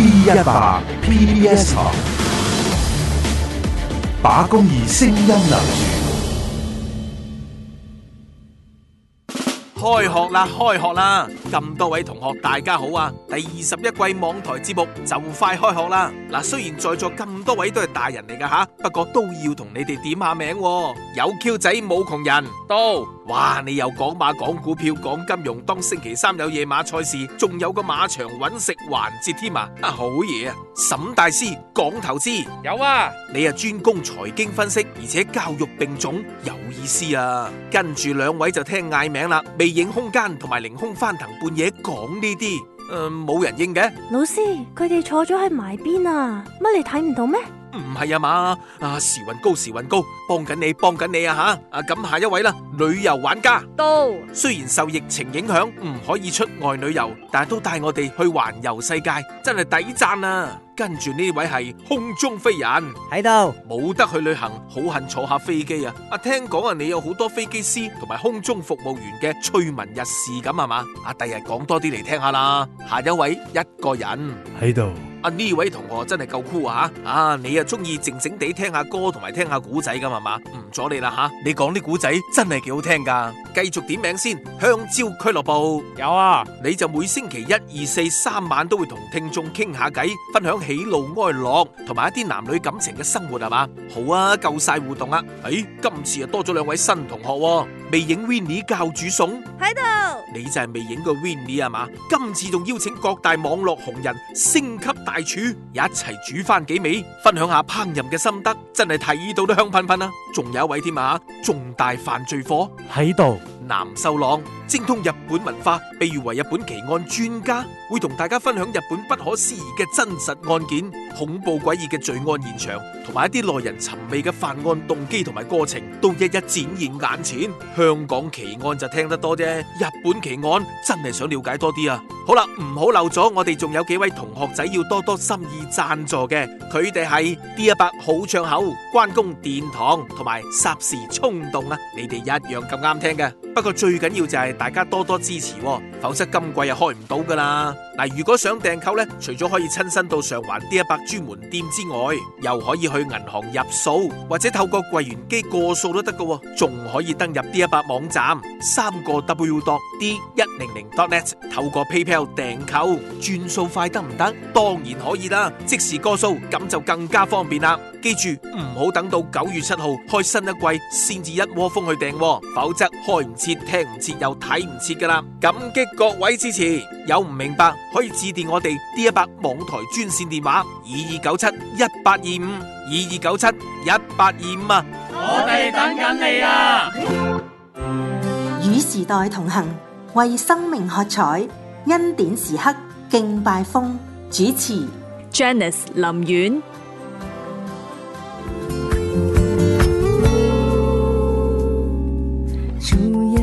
P 一百 PBS 台，把公義聲音留住。開學啦，開學啦！咁多位同學，大家好啊！第二十一季網台節目就快開學啦！嗱，雖然在座咁多位都係大人嚟噶吓，不過都要同你哋點下名。有 Q 仔冇窮人到，哇！你又講馬、講股票、講金融，當星期三有夜馬賽事，仲有個馬場揾食環節添啊！啊，好嘢啊！沈大師講投資有啊，你啊專攻財經分析，而且教育並重有意思啊。跟住兩位就聽嗌名啦，未影空間同埋凌空翻騰半夜講呢啲，誒冇、呃、人應嘅。老師佢哋坐咗喺埋邊啊，乜你睇唔到咩？唔係啊嘛，啊時運高時運高，幫緊你幫緊你啊吓，啊咁下一位啦，旅遊玩家到。雖然受疫情影響唔可以出外旅遊，但係都帶我哋去環遊世界，真係抵讚啊！跟住呢位係空中飛人喺度，冇得去旅行，好恨坐下飛機啊！啊，聽講啊，你有好多飛機師同埋空中服務員嘅趣聞軼事咁係嘛？啊，第日講多啲嚟聽下啦。下一位一個人喺度，啊呢位同學真係夠酷啊！啊，你啊鍾意靜靜地聽下歌同埋聽下古仔咁係嘛？唔阻你啦吓，啊，你講啲古仔真係幾好聽噶。繼續點名先，香蕉俱樂部有啊，你就每星期一二四三晚都會同聽眾傾下偈分享，喜怒哀樂同埋一啲男女感情嘅生活係嘛，好啊，夠晒互動啊！誒、哎，今次又多咗兩位新同學，未影 Winnie 教主餸喺度，你就係未影過 Winnie 係嘛？今次仲邀請各大網絡紅人星級大廚，一齊煮翻幾味，分享下烹飪嘅心得，真係睇到都香噴噴啊！仲有一位添啊，重大犯罪課喺度。南秀朗精通日本文化，被譽為日本奇案專家，會同大家分享日本不可思議嘅真實案件、恐怖詭異嘅罪案現場，同埋一啲耐人尋味嘅犯案動機同埋過程，都一一展現眼前。香港奇案就聽得多啫，日本奇案真係想了解多啲啊！好啦，唔好漏咗，我哋仲有幾位同學仔要多多心意贊助嘅，佢哋係 D 一百好唱口、關公殿堂同埋霎時衝動啊！你哋一樣咁啱聽嘅。不過最緊要就係大家多多支持，否則今季又開唔到噶啦。嗱，如果想訂購呢，除咗可以親身到上環 D 一百專門店之外，又可以去銀行入數，或者透過櫃員機過數都得噶，仲可以登入 D 一百網站，三個 W dot D 一零零 dot net 透過 PayPal 訂購，轉數快得唔得？當然可以啦，即時過數咁就更加方便啦。記住唔好等到九月七號開新一季先至一窩蜂去訂，否則開唔切、聽唔切又睇唔切噶啦！感激各位支持，有唔明白可以致電我哋 D 一百網台專線電話二二九七一八二五二二九七一八二五啊！25, 我哋等緊你啊！與時代同行，為生命喝彩，恩典時刻敬拜風主持 Janice 林苑。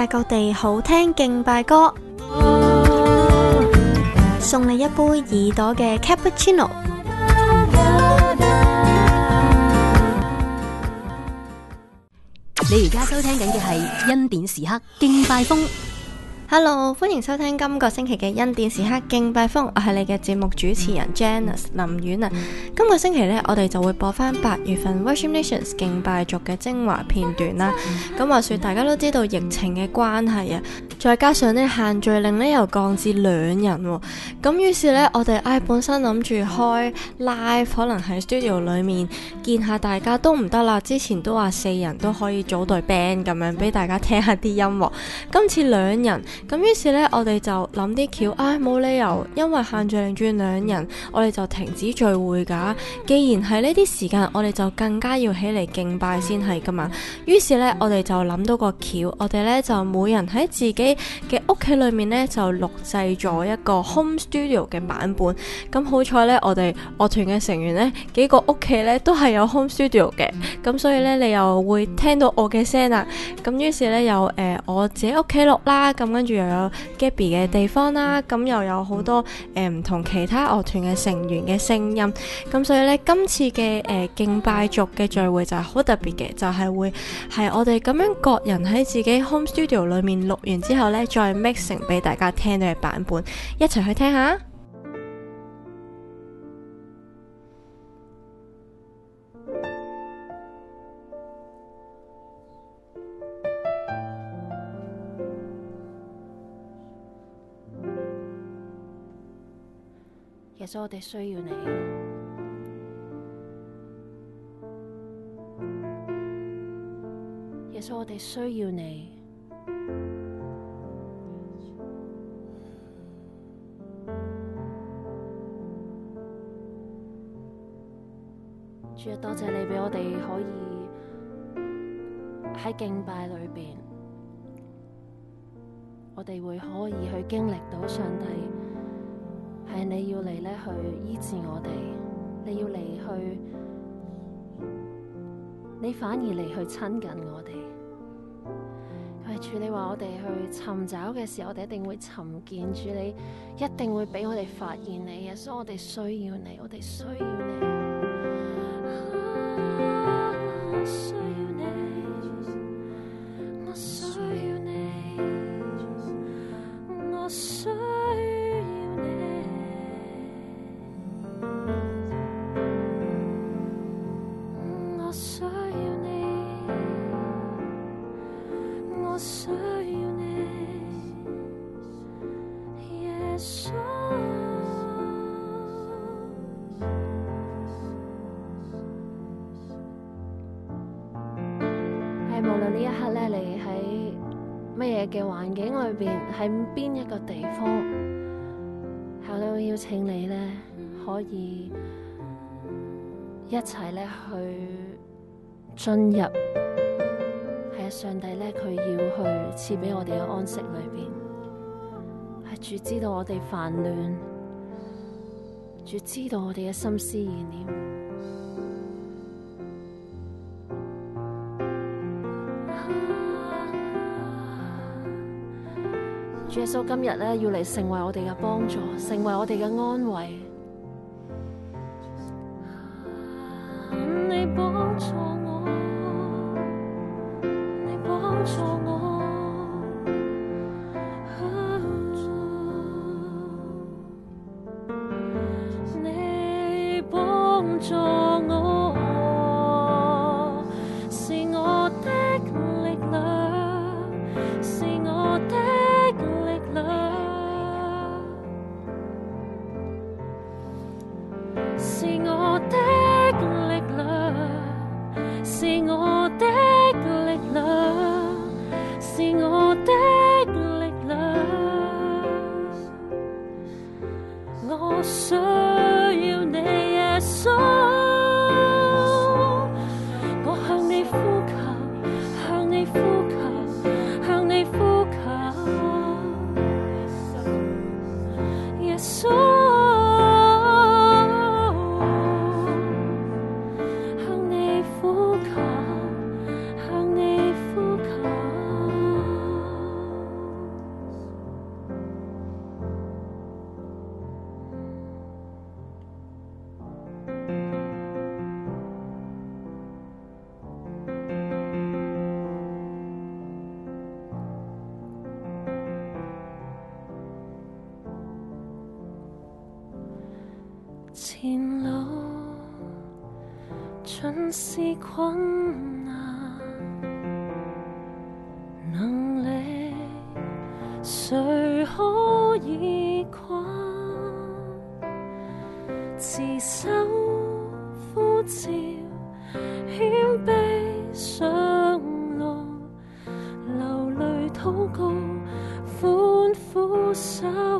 世界各地好聽敬拜歌，送你一杯耳朵嘅 cappuccino。你而家收聽緊嘅係恩典時刻敬拜風。Hello，歡迎收聽今個星期嘅恩典時刻敬拜風，我係你嘅節目主持人 Janice 林婉。啊、嗯。今個星期呢，我哋就會播翻八月份 Worship Nations 敬拜族嘅精華片段啦。咁、嗯、話說，大家都知道疫情嘅關係啊，再加上呢限聚令呢又降至兩人、哦，咁於是呢，我哋唉本身諗住開 live，可能喺 studio 裏面見下大家都唔得啦。之前都話四人都可以組隊 band 咁樣俾大家聽一下啲音樂，今次兩人。咁於是呢，我哋就諗啲橋，唉、哎、冇理由，因為限聚令住兩人，我哋就停止聚會㗎。既然係呢啲時間，我哋就更加要起嚟敬拜先係㗎嘛。於是呢，我哋就諗到個橋，我哋呢，就每人喺自己嘅屋企裏面呢，就錄製咗一個 home studio 嘅版本。咁好彩呢，我哋樂團嘅成員呢，幾個屋企呢，都係有 home studio 嘅，咁所以呢，你又會聽到我嘅聲啦。咁於是呢，又、呃、我自己屋企錄啦，咁跟。又有 Gabi 嘅地方啦，咁又有好多誒唔同其他樂團嘅成員嘅聲音，咁所以呢今次嘅誒敬拜族嘅聚會就係好特別嘅，就係會係我哋咁樣各人喺自己 home studio 裏面錄完之後呢，再 mix 成俾大家聽嘅版本，一齊去聽下。耶穌，也我哋需要你。耶穌，我哋需要你。嗯、主啊，多謝你俾我哋可以喺敬拜裏邊，我哋會可以去經歷到上帝。係你要嚟呢去醫治我哋，你要嚟去，你反而嚟去親近我哋。為主你話我哋去尋找嘅時候，我哋一定會尋見，主你一定會俾我哋發現你嘅，所以我哋需要你，我哋需要你。進入係啊上帝咧，佢要去賜俾我哋嘅安息裏邊，係主知道我哋煩亂，主知道我哋嘅心思意念、念、啊啊啊。主耶穌今日咧，要嚟成為我哋嘅幫助，成為我哋嘅安慰。是困難，能力誰可以跨？持守呼召，謙卑，卑上路，流淚禱告，歡呼收。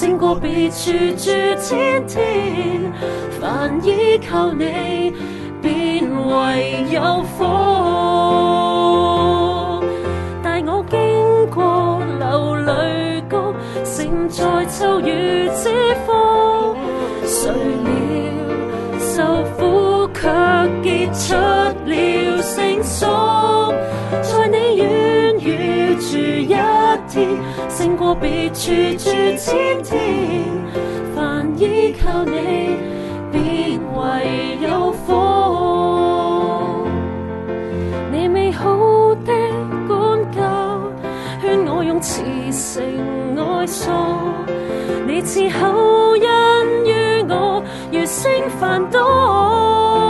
勝過別處住千天，凡依靠你便唯有福。但我經過流淚谷，勝在秋雨之風。誰料受苦卻結出了成熟，在你遠遇住一天。勝過別處住千天，凡依靠你，便唯有福。你美好的管教，勸我用慈繩愛索，你賜厚恩於我，如星繁多。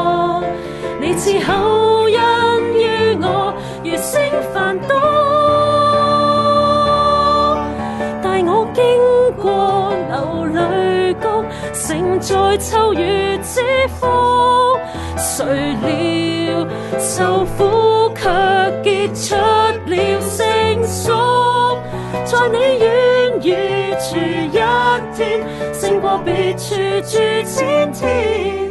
是後人於我，如聲繁多。帶我經過流淚谷，勝在秋雨之福。誰料受苦卻結出了成熟，在你院宇住一天，勝過別處住千天。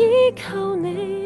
依靠你。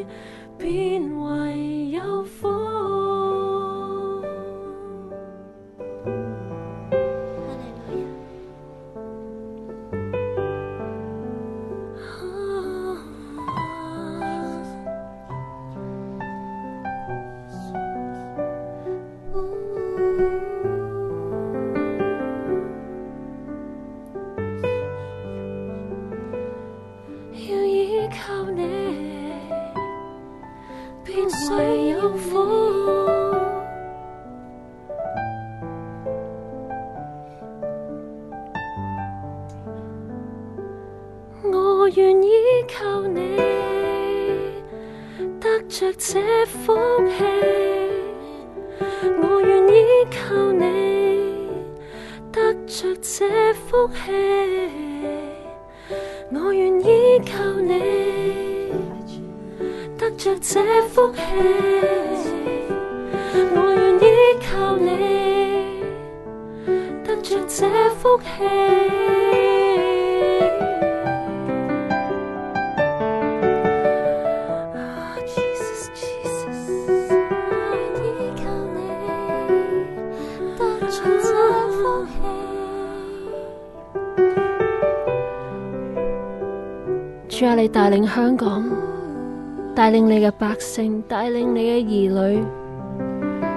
令你嘅百姓帶領你嘅兒女，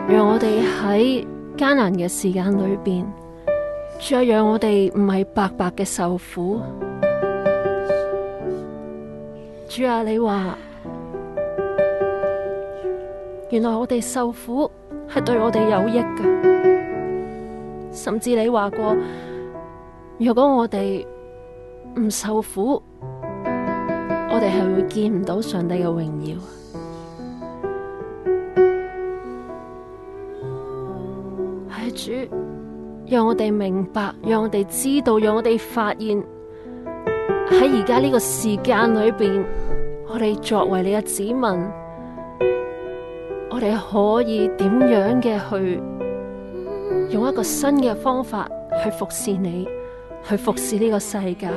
讓我哋喺艱難嘅時間裏邊，主啊，再讓我哋唔係白白嘅受苦。主啊，你話原來我哋受苦係對我哋有益嘅，甚至你話過，如果我哋唔受苦。我哋係會見唔到上帝嘅榮耀，係主讓我哋明白，讓我哋知道，讓我哋發現喺而家呢個時間裏邊，我哋作為你嘅子民，我哋可以點樣嘅去用一個新嘅方法去服侍你，去服侍呢個世界。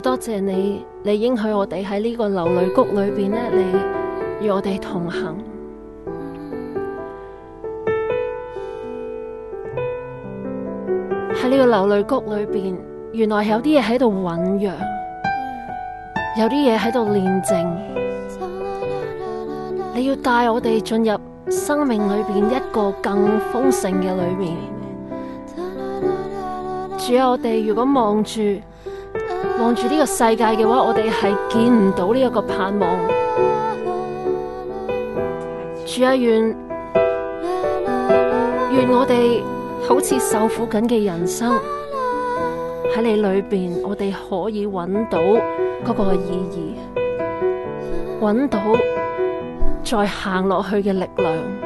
多謝你，你應許我哋喺呢個流淚谷裏邊咧，你與我哋同行。喺呢個流淚谷裏邊，原來有啲嘢喺度醞釀，有啲嘢喺度練靜。你要帶我哋進入生命裏邊一個更豐盛嘅裡面。主啊，我哋如果望住。望住呢個世界嘅話，我哋係見唔到呢一個盼望。主啊，願願我哋好似受苦緊嘅人生喺你裏邊，我哋可以揾到嗰個意義，揾到再行落去嘅力量。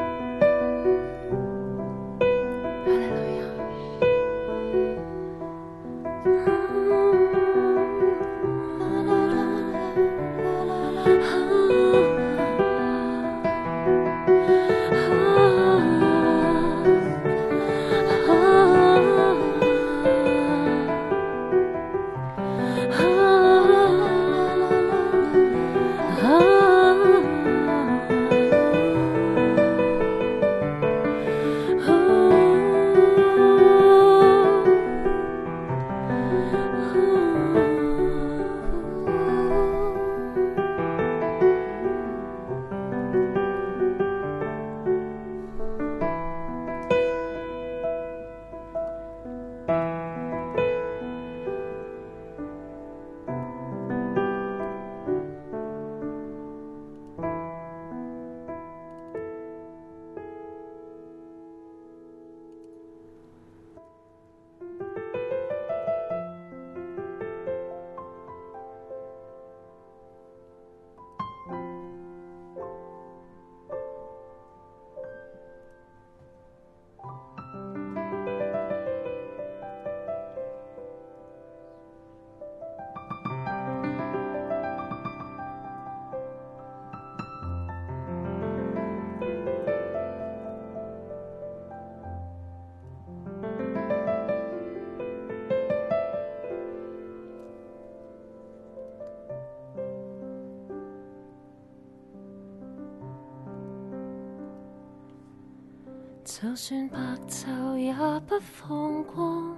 就算白晝也不放光，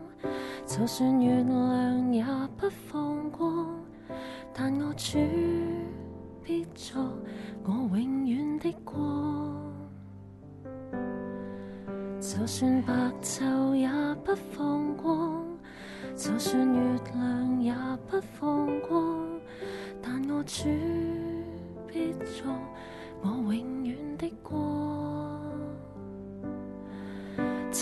就算月亮也不放光，但我主必作我永遠的光。就算白晝也不放光，就算月亮也不放光，但我主必作我永遠的光。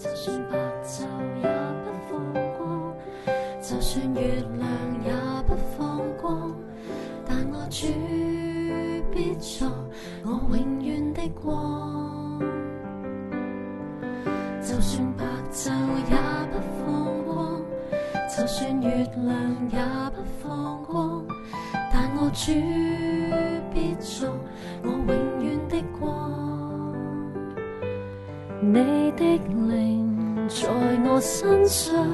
就算白晝也不放光，就算月亮也不放光，但我主必作我永遠的光。就算白晝也不放光，就算月亮也不放光，但我主。的靈在我身上，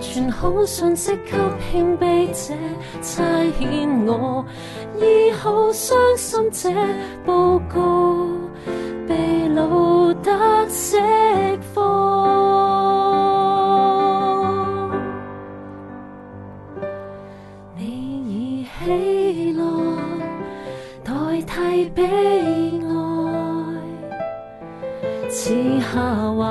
傳好信息給謙卑者，差遣我，醫好傷心者，報告被擄得釋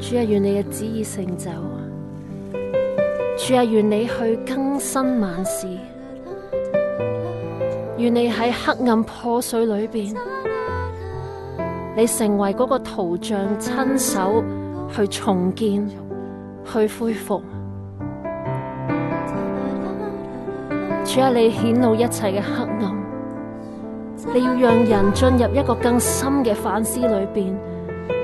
主啊，願你嘅旨意成就；主啊，願你去更新萬事；願你喺黑暗破碎裏邊，你成為嗰個圖像，親手去重建、去恢復。主啊，你顯露一切嘅黑暗，你要讓人進入一個更深嘅反思裏邊。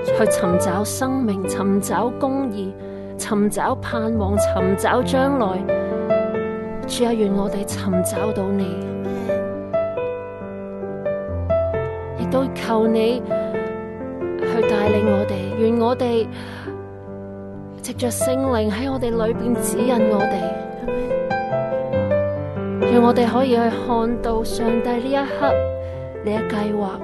去尋找生命，尋找公義，尋找盼望，尋找將來。主啊，願我哋尋找到你，亦都求你去帶領我哋。願我哋藉着聖靈喺我哋裏邊指引我哋，讓我哋可以去看到上帝呢一刻，呢一計劃。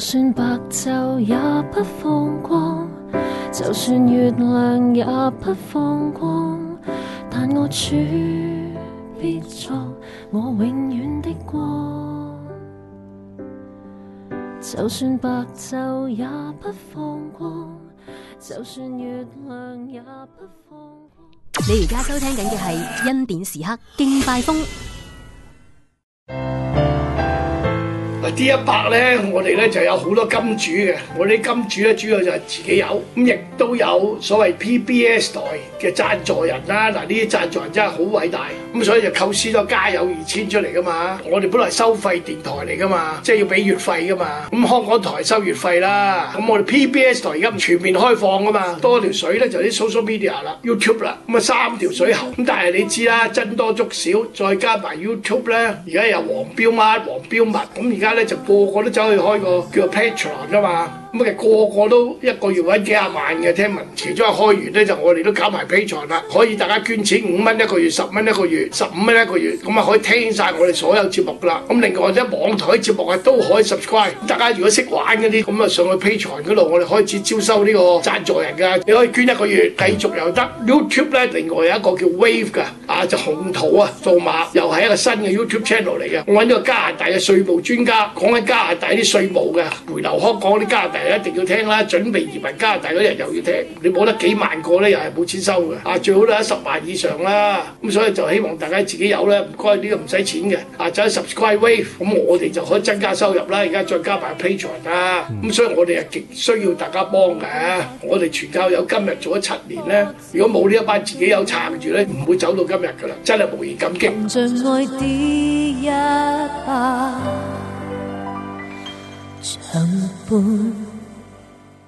就算白晝也不放光，就算月亮也不放光，但我主必作我永遠的光。就算白晝也不放光，就算月亮也不放光。你而家收聽緊嘅係恩典時刻，敬拜風。D100 呢，我哋呢就有好多金主嘅。我哋金主呢主要就係自己有，咁亦都有所謂 PBS 台嘅贊助人啦。嗱，呢啲贊助人真係好偉大，咁所以就構思咗加有二千出嚟噶嘛。我哋本來係收費電台嚟噶嘛，即係要俾月費噶嘛。咁香港台收月費啦，咁我哋 PBS 台而家全面開放噶嘛，多條水呢就啲 social media 啦、YouTube 啦，咁啊三條水喉。咁但係你知啦，僧多粥少，再加埋 YouTube 咧，而家又黃標乜黃標物，咁而家就個個都走去開個叫做 Patreon 㗎嘛。乜嘅個個都一個月搵幾啊萬嘅，聽聞其中一開源咧就我哋都搞埋 P 場啦，可以大家捐錢五蚊一個月，十蚊一個月，十五蚊一個月，咁啊可以聽晒我哋所有節目噶啦。咁另外啲網台節目啊都可以 subscribe。大家如果識玩嗰啲咁就上去 P 場嗰度，我哋開始招收呢個贊助人噶。你可以捐一個月，繼續又得。YouTube 呢。另外有一個叫 Wave 嘅啊，就紅土啊做馬，又係一個新嘅 YouTube channel 嚟嘅。我揾咗加拿大嘅稅務專家講緊加拿大啲稅務嘅，回流可講啲加拿大。係一定要聽啦，準備移民加拿大嗰日又要聽，你冇得幾萬個咧，又係冇錢收嘅啊！最好都係十萬以上啦，咁所以就希望大家自己有咧，唔該呢個唔使錢嘅啊，就 subscribe wave，咁我哋就可以增加收入啦。而家再加埋 Patreon 啦，咁所以我哋係極需要大家幫嘅。我哋全教友今日做咗七年咧，如果冇呢一班自己有撐住咧，唔會走到今日㗎啦，真係無言感激。像愛只一把長盤。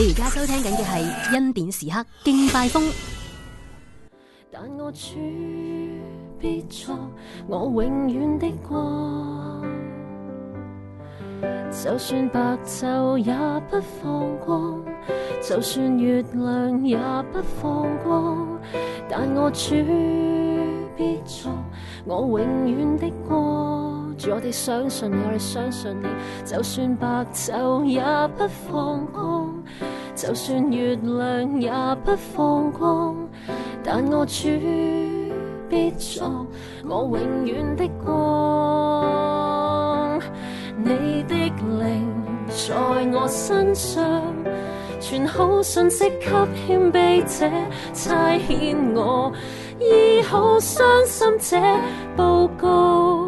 你而家收聽緊嘅係《恩典時刻敬拜風》。但我主必作，我永遠的光，就算白晝也不放光，就算月亮也不放光，但我主必作，我永遠的光。我哋相信，我哋相信你，就算白晝也不放光，就算月亮也不放光，但我主必作我永遠的光。你的靈在我身上，傳好信息給謙卑者，差遣我醫好傷心者，報告。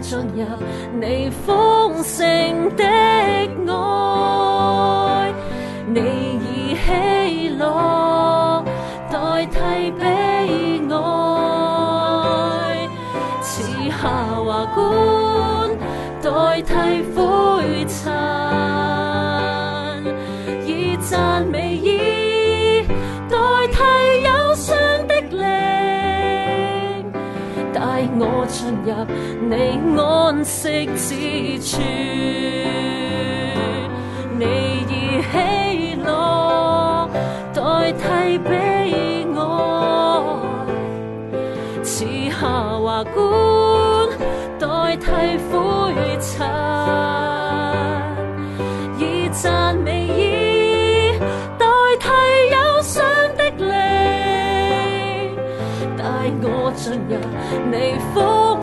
進入你豐盛的愛，你以喜樂代替悲哀，賜下華冠代替。你安息之處，你以喜樂代替悲哀，賜下華冠代替灰塵，以讚美意代替憂傷的你。帶我進入你。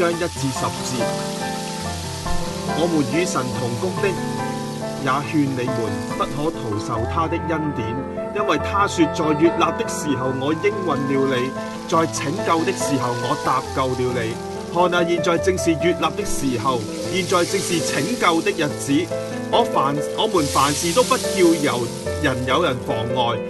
將一至十節，我們與神同工的也勸你們不可徒受他的恩典，因為他說，在悅納的時候我應允了你，在拯救的時候我搭救了你。看哪，現在正是悅納的時候，現在正是拯救的日子。我凡我們凡事都不叫由人有人妨礙。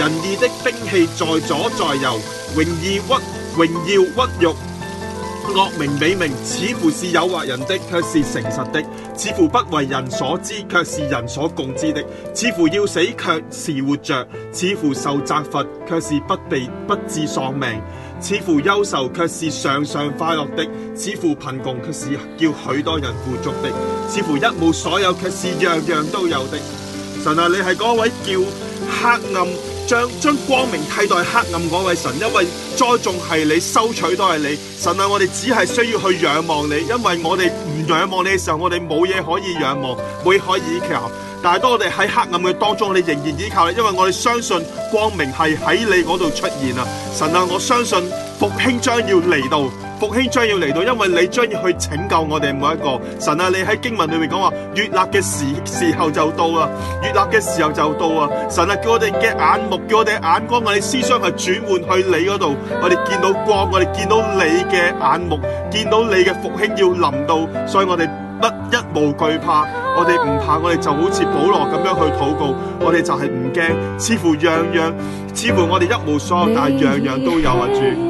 仁義的兵器在左在右，榮耀屈榮耀屈辱，惡名美名，似乎是誘惑人的，却是誠實的；似乎不為人所知，却是人所共知的；似乎要死，却是活着；似乎受責罰，却是不被不致喪命；似乎憂愁，却是常常快樂的；似乎貧窮，却是叫許多人富足的；似乎一無所有，却是樣樣都有的。神啊，你係嗰位叫黑暗。將將光明替代黑暗嗰位神，因為栽種，係你，收取都係你。神啊，我哋只係需要去仰望你，因為我哋唔仰望你嘅時候，我哋冇嘢可以仰望，冇嘢可以依靠。但係當我哋喺黑暗嘅當中，我哋仍然依靠你，因為我哋相信光明係喺你嗰度出現。神啊，我相信復興將要嚟到。復興將要嚟到，因為你將要去拯救我哋每一個。神啊，你喺經文裏面講話，月立嘅時時候就到啦，月立嘅時候就到啊！神啊，叫我哋嘅眼目，叫我哋眼光我哋思想係轉換去你嗰度，我哋見到光，我哋見到你嘅眼目，見到你嘅復興要臨到，所以我哋不一無懼怕，我哋唔怕，我哋就好似保羅咁樣去禱告，我哋就係唔驚，似乎樣樣，似乎我哋一無所有，但係樣樣都有啊！住。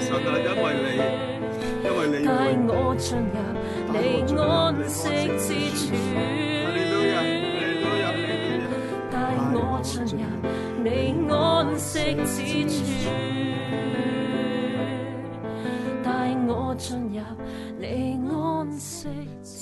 常難因為你，因為你帶我進入你安息之處，帶我進入你安息之處，帶我進入你安息。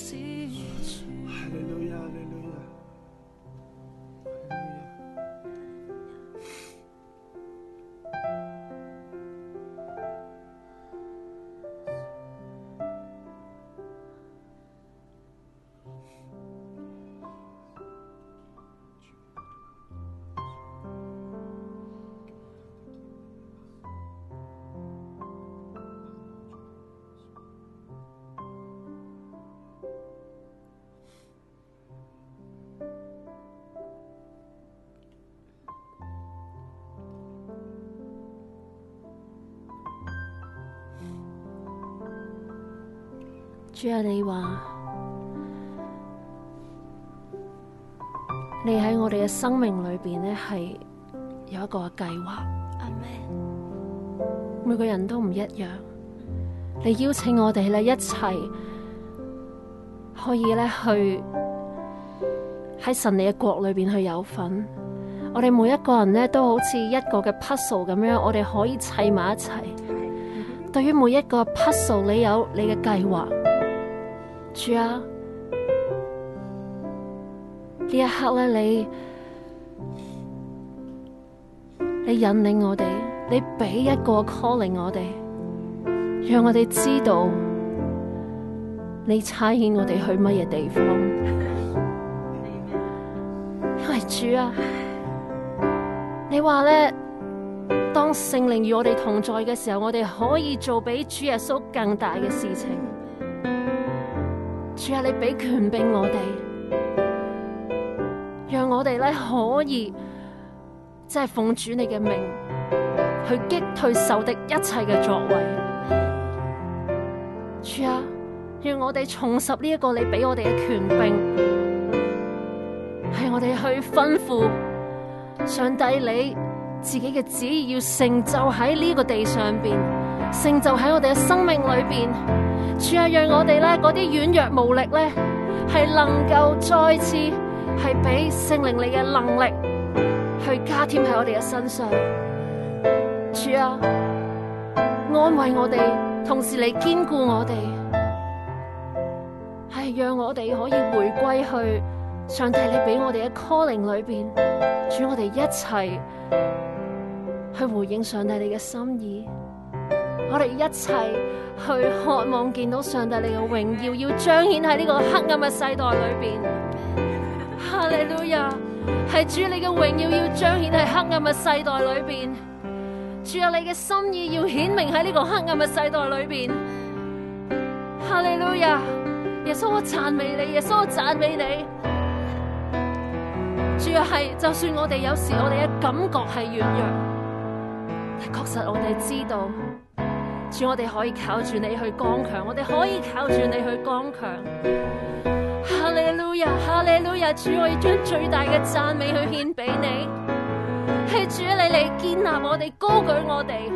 主啊，你話你喺我哋嘅生命裏邊咧，係有一個計劃。Amen Amen，每個人都唔一樣。你邀請我哋咧，一齊可以咧去喺神你嘅國裏邊去有份。我哋每一個人咧，都好似一個嘅 puzzle 咁樣，我哋可以砌埋一齊。 對於每一個 puzzle，你有你嘅計劃。主啊，呢一刻咧，你你引領我哋，你俾一個 calling 我哋，讓我哋知道你差遣我哋去乜嘢地方。因為， 主啊，你話咧，當聖靈與我哋同在嘅時候，我哋可以做比主耶穌更大嘅事情。主啊，你俾權柄我哋，讓我哋咧可以即係奉主你嘅命去擊退仇敵一切嘅作為。主啊，讓我哋重拾呢一個你俾我哋嘅權柄，係我哋去吩咐上帝你自己嘅旨意，要成就喺呢個地上邊，成就喺我哋嘅生命裏邊。主啊，讓我哋咧嗰啲軟弱無力咧，係能夠再次係俾聖靈你嘅能力去加添喺我哋嘅身上。主啊，安慰我哋，同時嚟堅固我哋，係、哎、讓我哋可以回歸去上帝你俾我哋嘅 calling 裏邊。主，我哋一齊去回應上帝你嘅心意。我哋一齊去渴望見到上帝你嘅榮耀，要彰顯喺呢個黑暗嘅世代裏邊。哈利路亞，係主你嘅榮耀要彰顯喺黑暗嘅世代裏邊，主有你嘅心意要顯明喺呢個黑暗嘅世代裏邊。哈利路亞，耶穌我讚美你，耶穌我讚美你。主啊，係就算我哋有時我哋嘅感覺係軟弱，但係確實我哋知道。主，我哋可以靠住你去剛強，我哋可以靠住你去剛強。哈利路亞，哈利路亞，主，我哋將最大嘅讚美去獻俾你，係主你嚟，建立我哋，高舉我哋。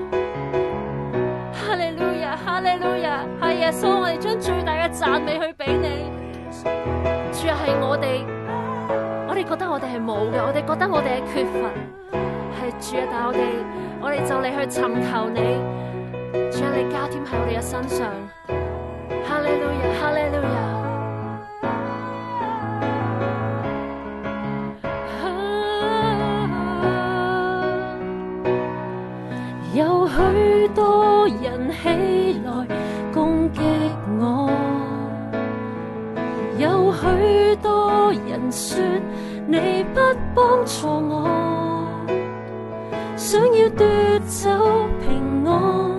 哈利路亞，哈利路亞，係耶穌，我哋將最大嘅讚美去俾你。Yes. 主啊，係我哋，我哋覺得我哋係冇嘅，我哋覺得我哋係缺乏，係主啊，但我哋，我哋就嚟去尋求你。將你加添喺我哋嘅身上，哈利路亞，哈利路亞。有許多人起來攻擊我，有許多人說你不幫助我，想要奪走平安。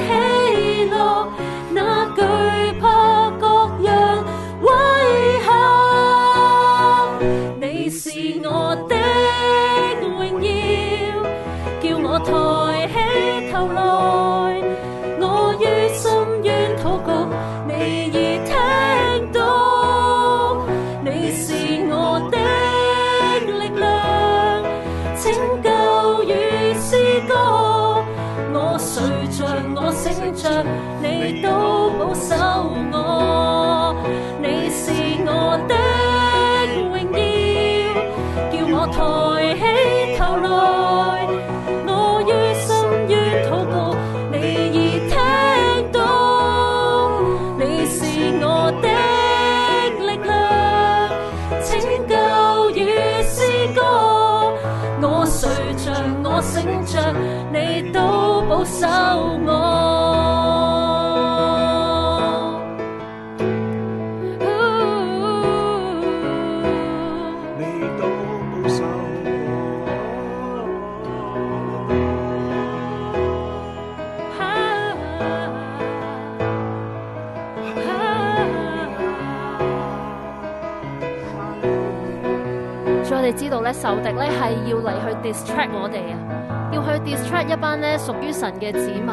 仇敵咧，係要嚟去 distract 我哋啊，要去 distract 一班咧，屬於神嘅子民，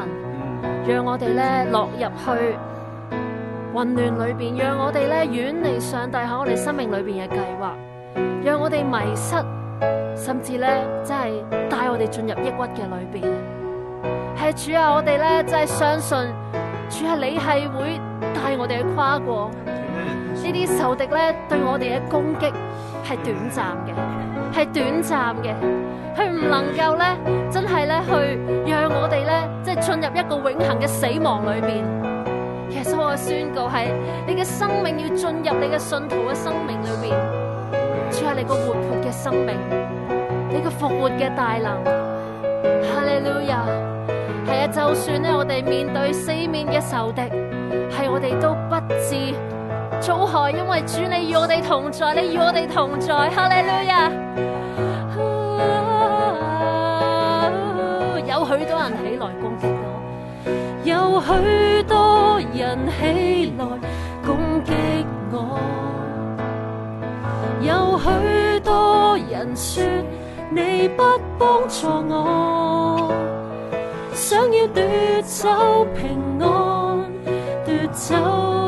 讓我哋咧落入去混亂裏邊，讓我哋咧遠離上帝喺我哋生命裏邊嘅計劃，讓我哋迷失，甚至咧真係帶我哋進入抑鬱嘅裏邊。係主啊，我哋咧真係相信，主啊，你係會帶我哋去跨過呢啲仇敵咧對我哋嘅攻擊係短暫嘅。係短暫嘅，佢唔能夠咧，真係咧去讓我哋咧，即係進入一個永恒嘅死亡裏邊。其實我嘅宣告係，你嘅生命要進入你嘅信徒嘅生命裏邊，注入你個活潑嘅生命，你個復活嘅大能。哈利路亞，係啊，就算咧我哋面對四面嘅仇敵，係我哋都不至災害，祖海，因為主，你與我哋同在，你與我哋同在，哈利路亞、哦哦。有許多人起來攻擊我，有許多人起來攻擊我，有許多人說你不幫助我，想要奪走平安，奪走。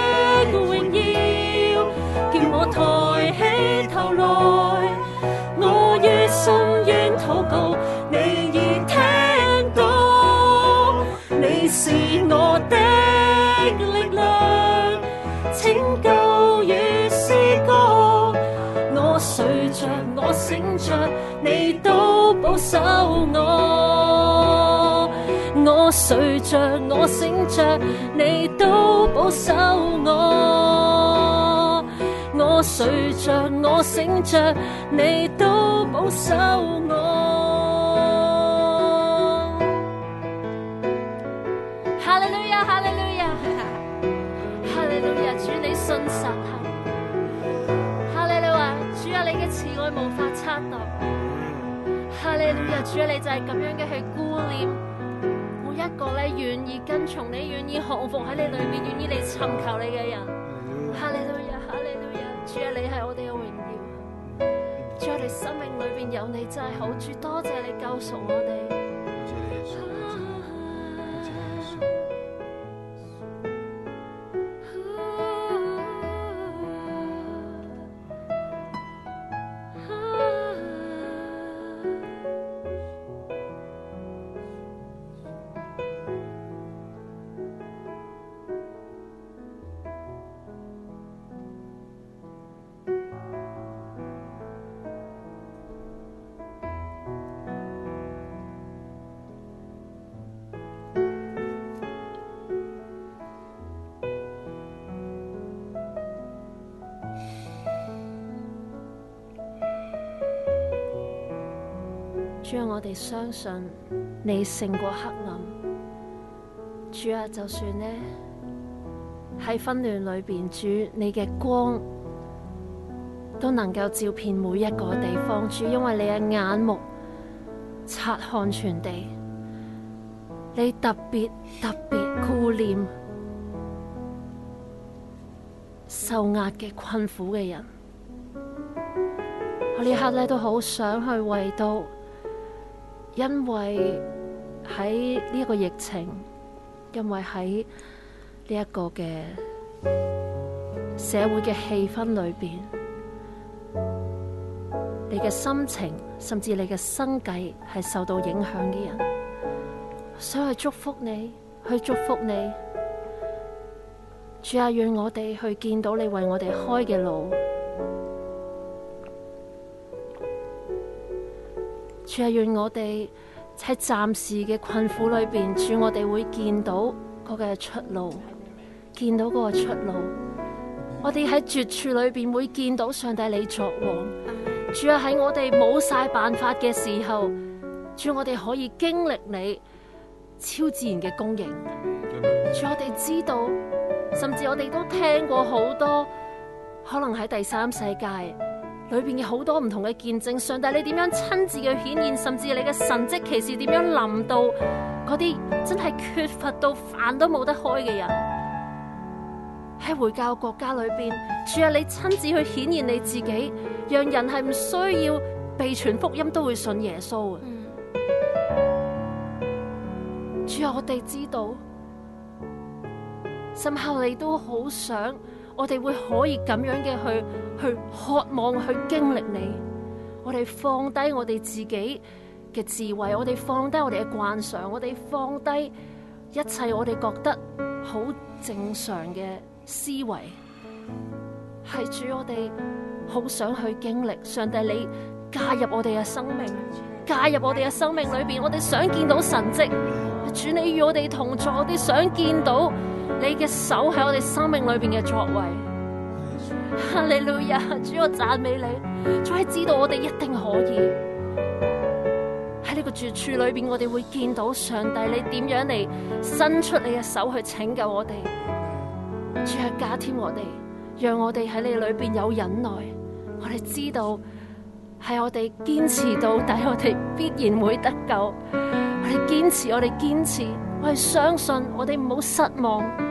着醒着，你都保守我；我睡着，我醒着，你都保守我；我睡着，我醒着，你都保守我。你嘅慈愛無法測度，哈利路亞主啊，你就係咁樣嘅去顧念每一個咧，願意跟從你、願意降服喺你裏面，願意嚟尋求你嘅人，哈利路亞，哈利路亞，主啊，你係我哋嘅榮耀，在啊，你生命裏邊有你真係、就是、好主，多謝你救贖我哋。主啊，我哋相信你勝過黑暗，主啊，就算呢喺紛亂裏邊，主你嘅光都能夠照遍每一個地方，主，因為你嘅眼目察看全地，你特別特別顧念受壓嘅困苦嘅人，我呢刻咧都好想去為到。因為喺呢一個疫情，因為喺呢一個嘅社會嘅氣氛裏邊，你嘅心情甚至你嘅生計係受到影響嘅人，想去祝福你，去祝福你，主啊，願我哋去見到你為我哋開嘅路。主啊，願我哋喺暫時嘅困苦裏邊，主我哋會見到嗰個出路，見到嗰個出路。我哋喺絕處裏邊會見到上帝你作王。主啊，喺我哋冇晒辦法嘅時候，主我哋可以經歷你超自然嘅供應。主我哋知道，甚至我哋都聽過好多，可能喺第三世界。裏邊有好多唔同嘅見證，上帝你點樣親自去顯現，甚至你嘅神蹟奇事點樣臨到嗰啲真係缺乏到飯都冇得開嘅人，喺回教國家裏邊，主啊你親自去顯現你自己，讓人係唔需要被傳福音都會信耶穌啊！主啊、嗯、我哋知道，甚後你都好想。我哋會可以咁樣嘅去去渴望去經歷你，我哋放低我哋自己嘅智慧，我哋放低我哋嘅慣常，我哋放低一切我哋覺得好正常嘅思維，係主我哋好想去經歷，上帝你加入我哋嘅生命，加入我哋嘅生命裏邊，我哋想見到神跡，主你與我哋同在，我哋想見到。你嘅手喺我哋生命裏邊嘅作為，哈利路亞，主我讚美你，才知道我哋一定可以喺呢個住處裏邊，我哋會見到上帝你點樣嚟伸出你嘅手去拯救我哋，主啊加添我哋，讓我哋喺你裏邊有忍耐，我哋知道係我哋堅持到底，我哋必然會得救。我哋堅持，我哋堅持，我哋相信，我哋唔好失望。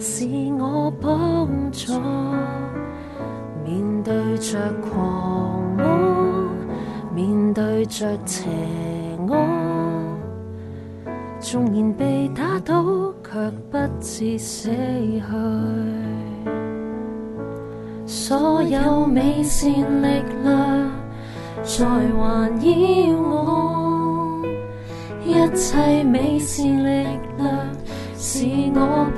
是我幫助，面對着狂風，面對着邪惡，縱然被打倒，卻不致死去。所有美善力量在環繞我，一切美善力量是我。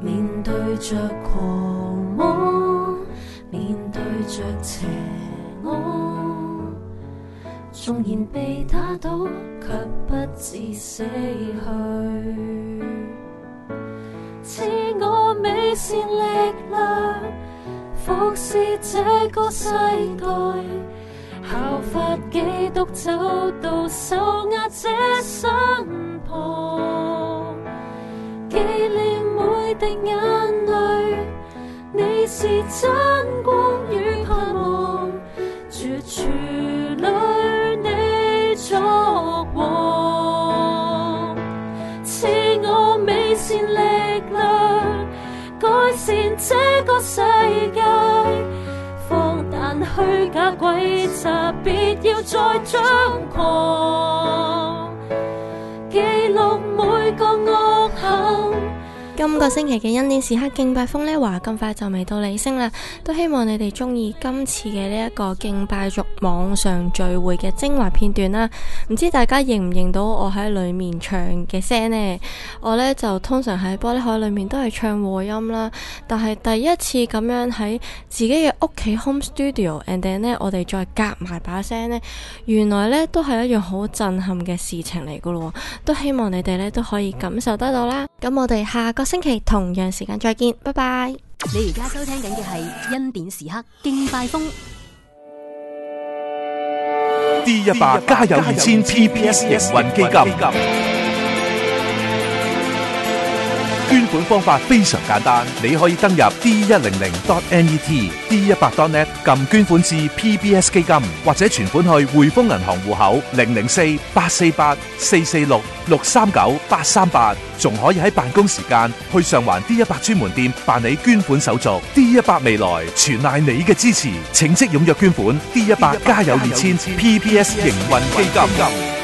面對着狂妄，面對着邪惡，縱然被打倒，卻不至死去。賜我美善力量，服侍這個世代。效法基督走到受壓者身旁。紀念每滴眼淚，你是真光與盼望，絕處裏你作王，賜我美善力量，改善這個世界，放膽虛假詭詐，別要再猖狂。今個星期嘅恩典時刻敬拜風呢話咁快就未到尾聲啦，都希望你哋中意今次嘅呢一個敬拜族網上聚會嘅精華片段啦。唔知大家認唔認到我喺裏面唱嘅聲呢？我呢就通常喺玻璃海裏面都係唱和音啦，但係第一次咁樣喺自己嘅屋企 home studio，and then 呢我哋再夾埋把聲呢。原來呢都係一樣好震撼嘅事情嚟噶咯。都希望你哋呢都可以感受得到啦。咁我哋下個。星期同樣時間再見，拜拜！你而家收聽緊嘅係恩典時刻敬拜風，D 一百加油二千 P B S 營運基金。捐款方法非常簡單，你可以登入 d 一零零 dot net d 一百 dot net 撳捐款至 PBS 基金，或者存款去匯豐銀行戶口零零四八四八四四六六三九八三八，仲可以喺辦公時間去上環 D 一百專門店辦理捐款手續。D 一百未來全賴你嘅支持，請即踴躍捐款。D 一百加有二千 PBS 營運基金。